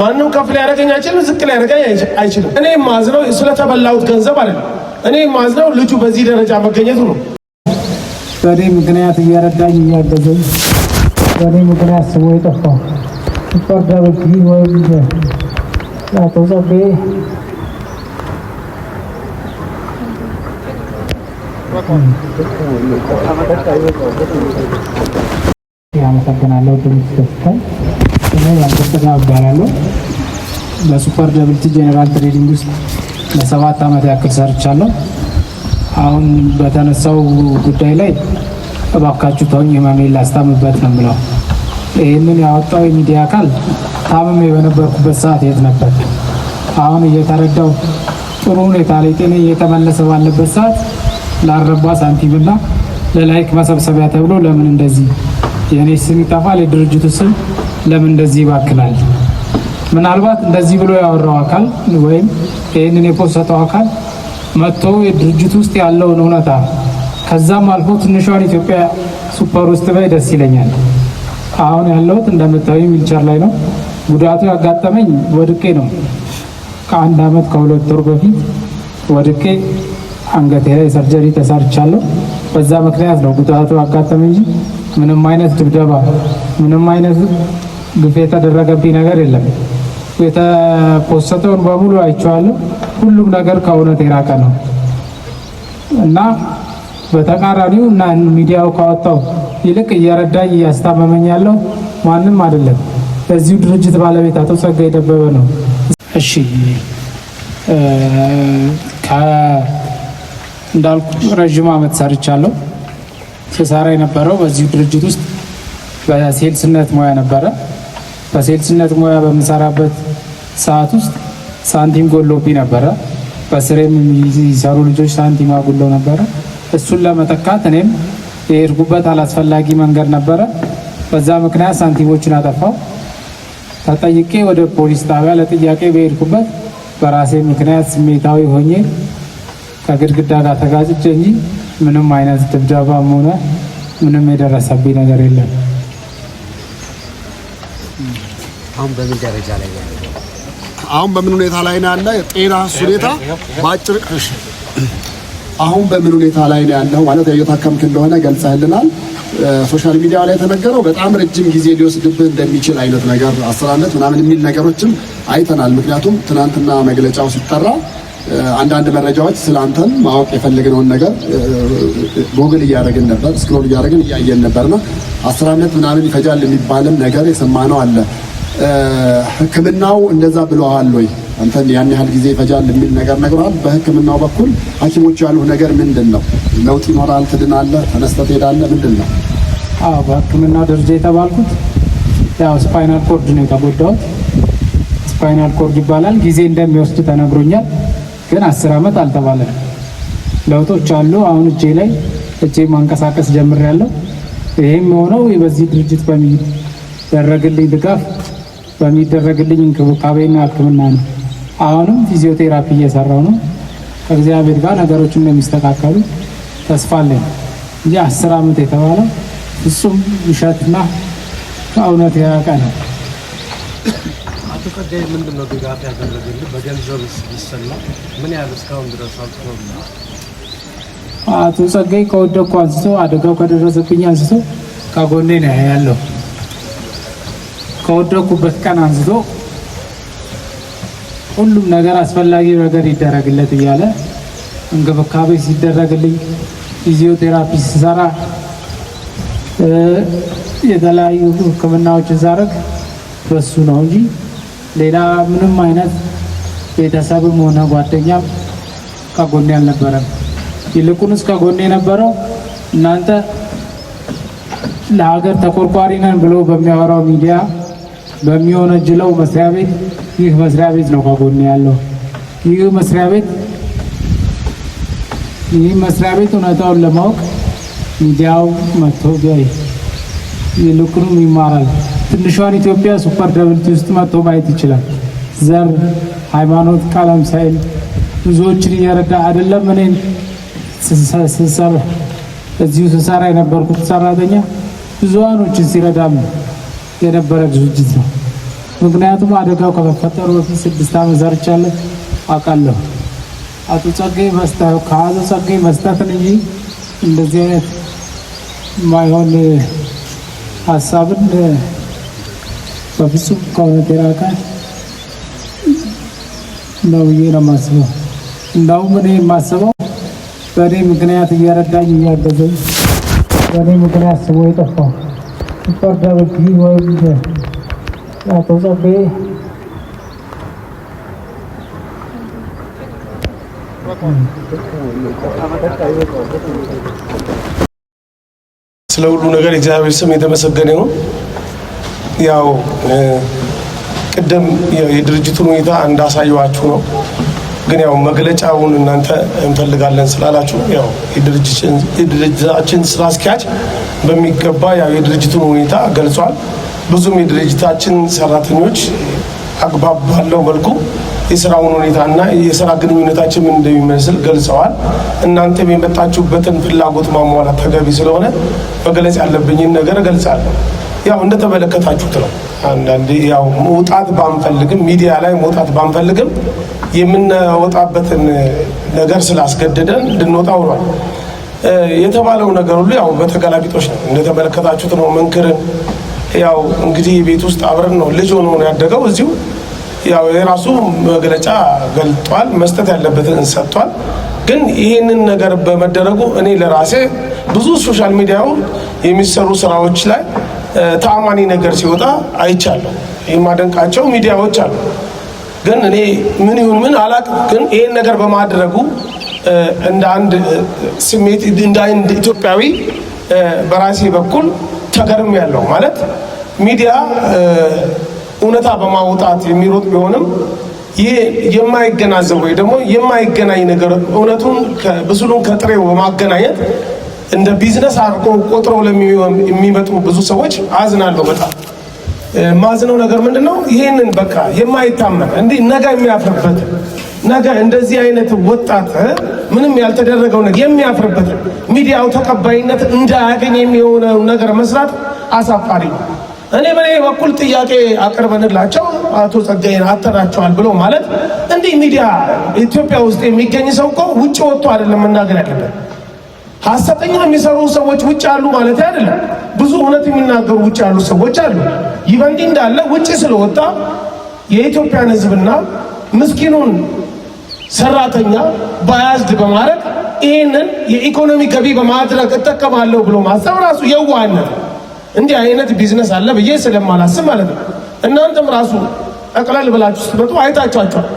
ማንም ከፍ ሊያደርገኝ አይችልም፣ ዝቅ ሊያደርገኝ አይችልም። እኔ ማዝነው ስለተበላሁት ገንዘብ አለ። እኔ ማዝነው ልጁ በዚህ ደረጃ መገኘቱ ነው። በእኔ ምክንያት እየረዳኝ እያገዘኝ፣ በእኔ ምክንያት ስሙ የጠፋው ፍርዳ በግ ወይም አቶ ጸቤ አመሰግናለሁ። ድምፅ ደስተን ላይ ያንተስተና እባላለሁ። በሱፐር ደብልቲ ጄኔራል ትሬዲንግ ውስጥ ለሰባት ዓመት ያክል ሰርቻለሁ። አሁን በተነሳው ጉዳይ ላይ እባካችሁ ተውኝ ህመሜን ላስታምበት ነው ብለው ይህንን ያወጣው የሚዲያ አካል ታምሜ በነበርኩበት ሰዓት የት ነበር? አሁን እየተረዳው ጥሩ ሁኔታ ላይ ጤኔ እየተመለሰ ባለበት ሰዓት ላረባ ሳንቲምና ለላይክ መሰብሰቢያ ተብሎ ለምን እንደዚህ የእኔ ስም ይጠፋል የድርጅቱ ስም ለምን እንደዚህ ይባክናል? ምናልባት እንደዚህ ብሎ ያወራው አካል ወይም ይህንን የፖሰተው አካል መጥቶ የድርጅት ውስጥ ያለውን እውነታ ከዛም አልፎ ትንሿን ኢትዮጵያ ሱፐር ውስጥ በይ ደስ ይለኛል። አሁን ያለሁት እንደምታዩ ዊልቸር ላይ ነው። ጉዳቱ ያጋጠመኝ ወድቄ ነው። ከአንድ አመት ከሁለት ወር በፊት ወድቄ አንገቴ ላይ ሰርጀሪ ተሰርቻለሁ። በዛ ምክንያት ነው ጉዳቱ ያጋጠመኝ እንጂ ምንም አይነት ድብደባ ምንም አይነት ግፍ የተደረገብኝ ነገር የለም። የተፖሰተውን በሙሉ አይቼዋለሁ። ሁሉም ነገር ከእውነት የራቀ ነው እና በተቃራኒው እና ሚዲያው ካወጣው ይልቅ እየረዳኝ እያስታመመኝ ያለው ማንም አይደለም፣ በዚሁ ድርጅት ባለቤት አቶ ጸጋዬ ደበበ ነው። እሺ እንዳልኩ ረዥም ዓመት ሰርቻለሁ። ስሰራ የነበረው በዚሁ ድርጅት ውስጥ በሴልስነት ሙያ ነበረ። በሴልስነት ሙያ በምሰራበት ሰዓት ውስጥ ሳንቲም ጎሎብኝ ነበረ። በስሬም የሚሰሩ ልጆች ሳንቲም አጉለው ነበረ። እሱን ለመተካት እኔም የሄድኩበት አላስፈላጊ መንገድ ነበረ። በዛ ምክንያት ሳንቲሞችን አጠፋው። ተጠይቄ ወደ ፖሊስ ጣቢያ ለጥያቄ በሄድኩበት በራሴ ምክንያት ስሜታዊ ሆኜ ከግድግዳ ጋር ተጋጭቼ እንጂ ምንም አይነት ድብደባም ሆነ ምንም የደረሰብኝ ነገር የለም። አሁን በምን ደረጃ ላይ ያለ አሁን በምን ሁኔታ ላይ ነው ያለ የጤና ሁኔታ ባጭር እሺ አሁን በምን ሁኔታ ላይ ነው ያለው ማለት እየታከምክ እንደሆነ ገልጸህልናል። ሶሻል ሚዲያ ላይ የተነገረው በጣም ረጅም ጊዜ ሊወስድብህ እንደሚችል አይነት ነገር አሰራነት ምናምን የሚል ነገሮችም አይተናል። ምክንያቱም ትናንትና መግለጫው ሲጠራ አንዳንድ መረጃዎች ስለ ማወቅ የፈለግነውን ነገር ጎግል እያደረግን ነበር፣ ስክሮል እያደረግን እያየን ነበርና አስር ምናምን ይፈጃል የሚባልም ነገር የሰማነው አለ። ህክምናው እንደዛ ብለዋል ወይ አንተ ያን ያህል ጊዜ ይፈጃል የሚል ነገር ነግረዋል። በህክምናው በኩል ሀኪሞች ያሉ ነገር ምንድን ነው? ለውጥ ይኖራል፣ ትድናለህ፣ ተነስተህ ትሄዳለህ፣ ምንድን ነው? አዎ ደረጃ የተባልኩት ያው ስፓይናል ኮርድ ነው የተጎዳሁት። ስፓይናል ኮርድ ይባላል። ጊዜ እንደሚወስድ ተነግሮኛል፣ ግን አስር ዓመት አልተባለም። ለውጦች አሉ። አሁን እጄ ላይ እጄ ማንቀሳቀስ ጀምሬያለሁ። ይህም የሆነው በዚህ ድርጅት በሚደረግልኝ ድጋፍ በሚደረግልኝ እንክብካቤና ሕክምና ነው። አሁንም ፊዚዮቴራፒ እየሰራው ነው። ከእግዚአብሔር ጋር ነገሮች እንደሚስተካከሉ ተስፋ አለኝ እንጂ አስር ዓመት የተባለው እሱም ውሸትና ከእውነት የራቀ ነው። አቶ ጸጋዬ ያህል እስካሁን ከወደኩ አንስቶ አደጋው ከደረሰብኝ አንስቶ ከጎኔ ነው ያለው። ከወደኩበት ቀን አንስቶ ሁሉም ነገር አስፈላጊ ነገር ይደረግለት እያለ እንክብካቤ ሲደረግልኝ ፊዚዮቴራፒ ስሰራ የተለያዩ ሕክምናዎች ዛረግ በሱ ነው እንጂ ሌላ ምንም አይነት ቤተሰብም ሆነ ጓደኛም ከጎኔ አልነበረም። ይልቁንስ ከጎኔ የነበረው እናንተ ለሀገር ተቆርቋሪ ነን ብሎ በሚያወራው ሚዲያ በሚወነጅለው መስሪያ ቤት ይህ መስሪያ ቤት ነው ከጎን ያለው። ይህ መስሪያ ቤት ይህ መስሪያ ቤት እውነታውን ለማወቅ ሚዲያው መጥቶ ቢያይ ይልቁንም ይማራል። ትንሿን ኢትዮጵያ ሱፐር ደብልቲ ውስጥ መጥቶ ማየት ይችላል። ዘር፣ ሃይማኖት፣ ቀለም ሳይል ብዙዎችን እየረዳ አይደለም። እኔን ስሰራ እዚሁ ስሰራ የነበርኩት ሰራተኛ ብዙሃኖችን ሲረዳም የነበረ ድርጅት ነው። ምክንያቱም አደጋው ከመፈጠሩ በፊት ስድስት ዓመት ዘርቻለሁ አውቃለሁ። አቶ ጸጋዬ ከአቶ ጸጋዬ መስጠትን እንጂ እንደዚህ አይነት የማይሆን ሀሳብን በፍጹም ከእውነት የራቀ ነው ብዬ ነው የማስበው። እንደውም እኔ የማስበው በእኔ ምክንያት እየረዳኝ እያገዘኝ በእኔ ምክንያት ስቦ የጠፋው kepada jiwa atau sampai ስለ ሁሉ ነገር እግዚአብሔር ስም የተመሰገነ ነው። ያው ቅድም የድርጅቱን ሁኔታ እንዳሳየዋችሁ ነው። ግን ያው መግለጫውን እናንተ እንፈልጋለን ስላላችሁ ያው የድርጅታችን ስራ አስኪያጅ በሚገባ ያው የድርጅቱን ሁኔታ ገልጿል። ብዙም የድርጅታችን ሰራተኞች አግባብ ባለው መልኩ የስራውን ሁኔታ እና የስራ ግንኙነታችን ምን እንደሚመስል ገልጸዋል። እናንተም የመጣችሁበትን ፍላጎት ማሟላት ተገቢ ስለሆነ መገለጽ ያለብኝን ነገር እገልጻለሁ። ያው እንደተመለከታችሁት ነው። አንዳንድ ያው መውጣት ባንፈልግም ሚዲያ ላይ መውጣት ባንፈልግም የምንወጣበትን ነገር ስላስገደደን እንድንወጣ ውሏል። የተባለው ነገር ሁሉ ያው በተገላቢጦች ነው እንደተመለከታችሁት ነው። መንክርን ያው እንግዲህ ቤት ውስጥ አብረን ነው ልጅ ሆኖ ነው ያደገው። እዚሁ ያው የራሱ መግለጫ ገልጧል፣ መስጠት ያለበትን ሰጥቷል። ግን ይህንን ነገር በመደረጉ እኔ ለራሴ ብዙ ሶሻል ሚዲያው የሚሰሩ ስራዎች ላይ ተአማኒ ነገር ሲወጣ አይቻለሁ። የማደንቃቸው ሚዲያዎች አሉ። ግን እኔ ምን ይሁን ምን አላቅም። ግን ይህን ነገር በማድረጉ እንደ አንድ ስሜት እንደ አንድ ኢትዮጵያዊ በራሴ በኩል ተገርም ያለው ማለት ሚዲያ እውነታ በማውጣት የሚሮጥ ቢሆንም ይሄ የማይገናዘብ ወይ ደግሞ የማይገናኝ ነገር እውነቱን ብስሉን ከጥሬው በማገናኘት እንደ ቢዝነስ አድርጎ ቆጥረው የሚመጡ ብዙ ሰዎች አዝናለሁ። በጣም ማዝነው ነገር ምንድን ነው? ይህንን በቃ የማይታመን እንዲህ ነገ የሚያፍርበት ነገ እንደዚህ አይነት ወጣት ምንም ያልተደረገው ነገር የሚያፍርበት ሚዲያው ተቀባይነት እንዳያገኝ የሚሆነው ነገር መስራት አሳፋሪ ነው። እኔ በእኔ በኩል ጥያቄ አቅርበንላቸው አቶ ጸጋዬን አተናቸዋል ብሎ ማለት እንዲህ ሚዲያ ኢትዮጵያ ውስጥ የሚገኝ ሰው እኮ ውጭ ወጥቶ አይደለም መናገር ያለበት ሀሰተኛ የሚሰሩ ሰዎች ውጭ አሉ ማለት አይደለም። ብዙ እውነት የሚናገሩ ውጭ ያሉ ሰዎች አሉ። ይህ በእንዲህ እንዳለ ውጭ ስለወጣ የኢትዮጵያን ሕዝብና ምስኪኑን ሰራተኛ ባያዝድ በማድረግ ይህንን የኢኮኖሚ ገቢ በማድረግ እጠቀማለሁ ብሎ ማሰብ ራሱ የዋህነት እንዲህ አይነት ቢዝነስ አለ ብዬ ስለማላስብ ማለት ነው። እናንተም ራሱ ጠቅለል ብላችሁ ስትመጡ አይታችኋቸዋል።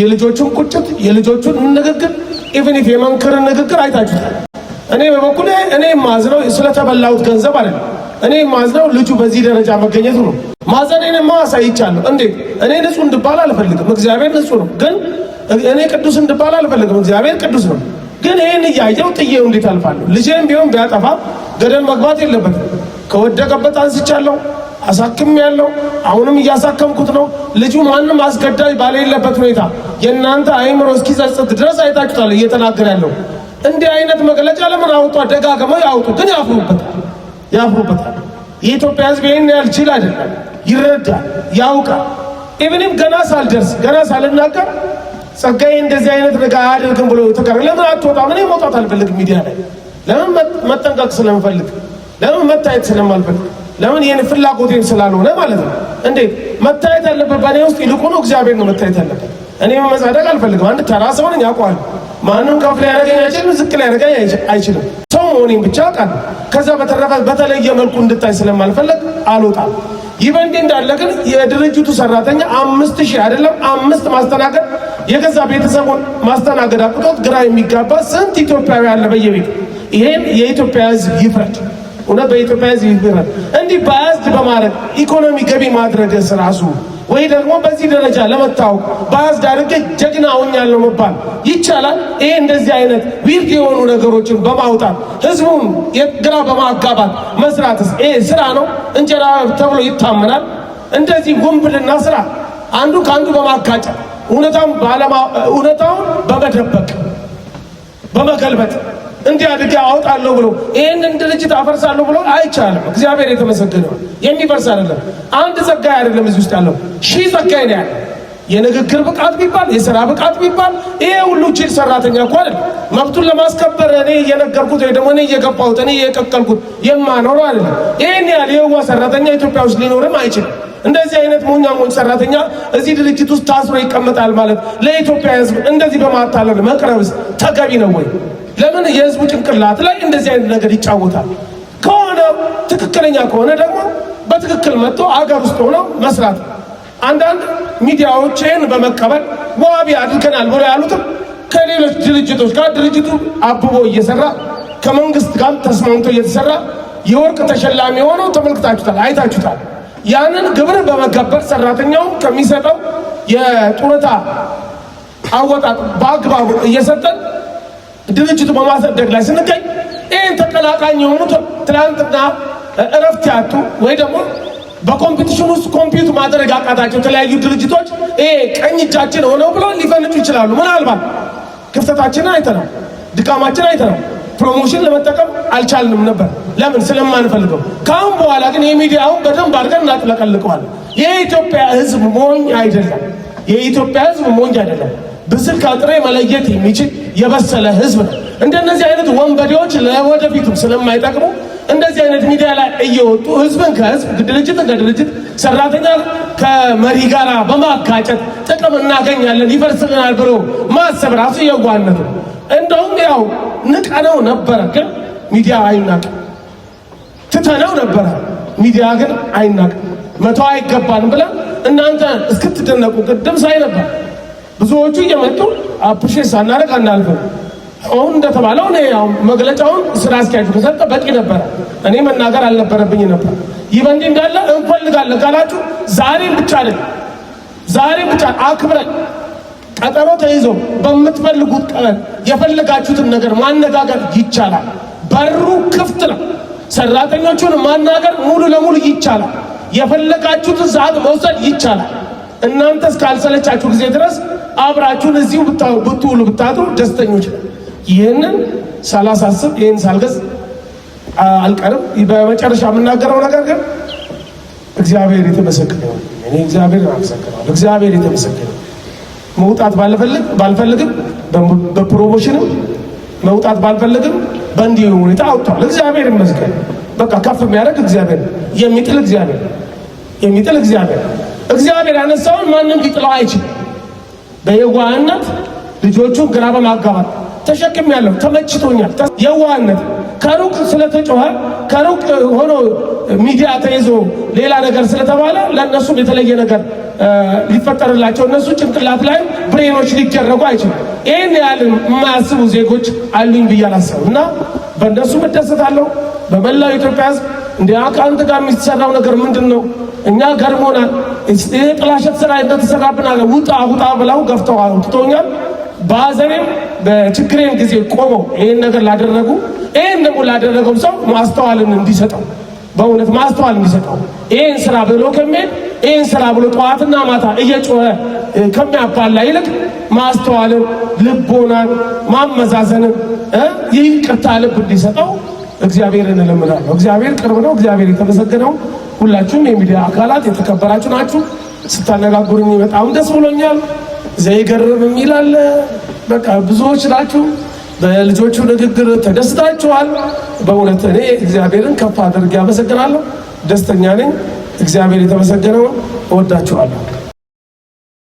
የልጆቹን ቁጭት፣ የልጆቹን ንግግር ኢቨን የመንክርን ንግግር አይታችሁታል። እኔ በበኩሌ እኔ ማዝነው ስለተበላሁት ገንዘብ አለ። እኔ ማዝነው ልጁ በዚህ ደረጃ መገኘቱ ነው። ማዘኔንማ አሳይቻለሁ። እንዴት እኔ ንጹህ እንድባል አልፈልግም። እግዚአብሔር ንጹህ ነው። ግን እኔ ቅዱስ እንድባል አልፈልግም። እግዚአብሔር ቅዱስ ነው። ግን ይህን እያየው ጥዬው እንዴት አልፋለሁ? ልጄም ቢሆን ቢያጠፋ ገደል መግባት የለበትም። ከወደቀበት አንስቻለሁ፣ አሳክም ያለው አሁንም እያሳከምኩት ነው። ልጁ ማንም አስገዳጅ የለበት ሁኔታ የእናንተ አይምሮ እስኪጸጽት ድረስ አይታችሁታል እየተናገር ያለው እንዲህ አይነት መግለጫ ለምን አውጡ? ደጋግመው ያውጡ፣ ግን ያፍሩበታል፣ ያፍሩበታል። የኢትዮጵያ ሕዝብ ይህን ያህል ችል አይደለም፣ ይረዳል፣ ያውቃል። ኢብንም ገና ሳልደርስ ገና ሳልናገር ጸጋዬ እንደዚህ አይነት ነገር አያደርግም ብሎ ተቀረ። ለምን አትወጣም? እኔ መውጣት አልፈልግ ሚዲያ ላይ ለምን መጠንቀቅ ስለምፈልግ ለምን መታየት ስለማልፈልግ ለምን ይህን ፍላጎቴን ስላልሆነ ማለት ነው። እንዴት መታየት ያለበት በእኔ ውስጥ ይልቁኑ እግዚአብሔር ነው መታየት ያለበት። እኔ መመጻደቅ አልፈልግም። አንድ ተራ ሰው ነኝ፣ ማንም ከፍ ሊያደርገኝ አይችልም፣ ዝቅ ሊያደርገኝ አይችልም። ሰው መሆኔን ብቻ ቃል ከዛ በተረፈ በተለየ መልኩ እንድታይ ስለማልፈለግ አልወጣም። ይህ በእንዲህ እንዳለ ግን የድርጅቱ ሰራተኛ አምስት ሺህ አይደለም አምስት ማስተናገድ የገዛ ቤተሰቡን ማስተናገድ አቅቶት ግራ የሚጋባ ስንት ኢትዮጵያዊ አለ በየቤቱ። ይሄን የኢትዮጵያ ሕዝብ ይፍረድ። እውነት በኢትዮጵያ ሕዝብ ይፍረድ። እንዲህ በያዝድ በማድረግ ኢኮኖሚ ገቢ ማድረግ ራሱ ወይ ደግሞ በዚህ ደረጃ ለመታወቅ ባዝ ዳርጌ ጀግና ሆኛለሁ መባል ይቻላል። ይሄ እንደዚህ አይነት ዊርድ የሆኑ ነገሮችን በማውጣት ህዝቡን የግራ በማጋባት መስራትስ ይሄ ስራ ነው እንጀራ ተብሎ ይታመናል። እንደዚህ ጉንብልና ስራ አንዱ ከአንዱ በማጋጫ እውነታውን በመደበቅ በመገልበጥ እንዲህ አድርጌ አወጣለሁ ብሎ ይህንን ድርጅት አፈርሳለሁ ብሎ አይቻልም። እግዚአብሔር የተመሰገነ የሚፈርስ አይደለም። አንድ ጸጋዬ አይደለም እዚህ ውስጥ ያለው ሺህ ጸጋዬ ነው ያለ የንግግር ብቃት ቢባል የስራ ብቃት ቢባል ይሄ ሁሉ ችል ሰራተኛ እኮ አይደል። መብቱን ለማስከበር እኔ እየነገርኩት ወይ ደግሞ እኔ እየገባሁት እኔ እየቀቀልኩት የማኖረው አይደለም። ይህን ያህል የዋ ሰራተኛ ኢትዮጵያ ውስጥ ሊኖርም አይችልም። እንደዚህ አይነት ሞኛ ሞኝ ሰራተኛ እዚህ ድርጅት ውስጥ ታስሮ ይቀመጣል ማለት ለኢትዮጵያ ሕዝብ እንደዚህ በማታለል መቅረብስ ተገቢ ነው ወይ? ለምን የህዝቡ ጭንቅላት ላይ እንደዚህ አይነት ነገር ይጫወታል? ከሆነ ትክክለኛ ከሆነ ደግሞ በትክክል መጥቶ አገር ውስጥ ሆኖ መስራት። አንዳንድ ሚዲያዎች ይህን በመቀበል ዋቢ አድርገናል ብሎ ያሉትም ከሌሎች ድርጅቶች ጋር ድርጅቱ አብቦ እየሰራ ከመንግስት ጋር ተስማምቶ እየተሰራ የወርቅ ተሸላሚ የሆነው ተመልክታችሁታል፣ አይታችሁታል። ያንን ግብር በመገበር ሰራተኛው ከሚሰጠው የጡረታ አወጣጥ በአግባቡ እየሰጠን ድርጅቱ በማሰደግ ላይ ስንገኝ ይህን ተቀላቃኝ የሆኑ ትላንትና እረፍት ያጡ ወይ ደግሞ በኮምፒቲሽን ውስጥ ኮምፒዩት ማድረግ አቃታቸው የተለያዩ ድርጅቶች ይሄ ቀኝ እጃችን ሆነው ብሎ ሊፈንጩ ይችላሉ። ምናልባት ክፍተታችንን አይተናል፣ ድካማችን ነው ፕሮሞሽን ለመጠቀም አልቻልንም ነበር። ለምን? ስለማንፈልገው። ከአሁን በኋላ ግን የሚዲያውን በደንብ አድርገን እናጥለቀልቀዋለን። የኢትዮጵያ ሕዝብ ሞኝ አይደለም። የኢትዮጵያ ሕዝብ ሞኝ አይደለም። ብስል ከጥሬ መለየት የሚችል የበሰለ ህዝብ ነው። እንደነዚህ አይነት ወንበዴዎች ለወደፊቱም ስለማይጠቅሙ እንደዚህ አይነት ሚዲያ ላይ እየወጡ ህዝብን ከህዝብ ድርጅትን ከድርጅት ሰራተኛ ከመሪ ጋር በማጋጨት ጥቅም እናገኛለን ይፈርስልናል ብሎ ማሰብ ራሱ የዋህነት ነው። እንደውም ያው ንቀነው ነበረ፣ ግን ሚዲያ አይናቅም። ትተነው ነበረ፣ ሚዲያ ግን አይናቅ መቶ አይገባን ብለን እናንተ እስክትደነቁ ቅድም ሳይ ነበር ብዙዎቹ እየመጡ አፕሪሼት ሳናደርግ አናልፍም። አሁን እንደተባለው እኔ ያው መግለጫውን ስራ አስኪያጁ ከሰጠ በቂ ነበረ። እኔ መናገር አልነበረብኝ ነበር። ይህ በእንዲህ እንዳለ እንፈልጋለን ካላችሁ ዛሬም ብቻ አይደል፣ ዛሬም ብቻ አክብረን ቀጠሮ ተይዞ በምትፈልጉት ቀን የፈለጋችሁትን ነገር ማነጋገር ይቻላል። በሩ ክፍት ነው። ሰራተኞቹን ማናገር ሙሉ ለሙሉ ይቻላል። የፈለጋችሁትን ሰዓት መውሰድ ይቻላል። እናንተ እስካልሰለቻችሁ ጊዜ ድረስ አብራችሁን እዚሁ ብትውሉ ብታጡ ደስተኞች ነው። ይህንን ሳላሳስብ ይህን ሳልገዝ አልቀርም። በመጨረሻ የምናገረው ነገር ግን እግዚአብሔር የተመሰገነ እኔ እግዚአብሔር አመሰግናለሁ። እግዚአብሔር የተመሰገነ መውጣት ባልፈልግ ባልፈልግም በፕሮሞሽንም መውጣት ባልፈልግም በእንዲህ ሁኔታ አውጥቷል። እግዚአብሔር ይመስገን። በቃ ከፍ የሚያደርግ እግዚአብሔር የሚጥል እግዚአብሔር የሚጥል እግዚአብሔር እግዚአብሔር ያነሳውን ማንም ሊጥለው አይችልም። በየዋህነት ልጆቹን ግራ በማጋባት ተሸክም ያለው ተመችቶኛል። የዋህነት ከሩቅ ስለተጮኸ ከሩቅ ሆኖ ሚዲያ ተይዞ ሌላ ነገር ስለተባለ ለእነሱም የተለየ ነገር ሊፈጠርላቸው እነሱ ጭንቅላት ላይ ብሬኖች ሊደረጉ አይችልም። ይህን ያህልን የማያስቡ ዜጎች አሉኝ ብዬ አላሰብም እና በእነሱ እደሰታለሁ በመላው ኢትዮጵያ ሕዝብ እንደ ከአንተ ጋር የሚሰራው ነገር ምንድን ነው? እኛ ገርሞናል። እስቲ ጥላሸት ስራ እንደተሰራብን አለ ውጣ ውጣ ብለው ገፍተው አውጥቶኛል። በአዘኔም በችግሬም ጊዜ ቆመው ይህን ነገር ላደረጉ ይህን ደግሞ ላደረገው ሰው ማስተዋልን እንዲሰጠው በእውነት ማስተዋል እንዲሰጠው ይህን ስራ ብሎ ከሚሄድ ይህን ስራ ብሎ ጠዋትና ማታ እየጮኸ ከሚያባላ ይልቅ ማስተዋልን፣ ልቦናን፣ ማመዛዘንን ይህ ቅርታ ልብ እንዲሰጠው እግዚአብሔር እለምናለሁ። እግዚአብሔር ቅርብ ነው። እግዚአብሔር የተመሰገነው። ሁላችሁም የሚዲያ አካላት የተከበራችሁ ናችሁ። ስታነጋግሩኝ በጣም ደስ ብሎኛል። ዘይገርም አለ። በቃ ብዙዎች ናችሁ። በልጆቹ ንግግር ተደስታችኋል። በእውነት እኔ እግዚአብሔርን ከፍ አድርጌ አመሰግናለሁ። ደስተኛ ነኝ። እግዚአብሔር የተመሰገነውን እወዳችኋለሁ።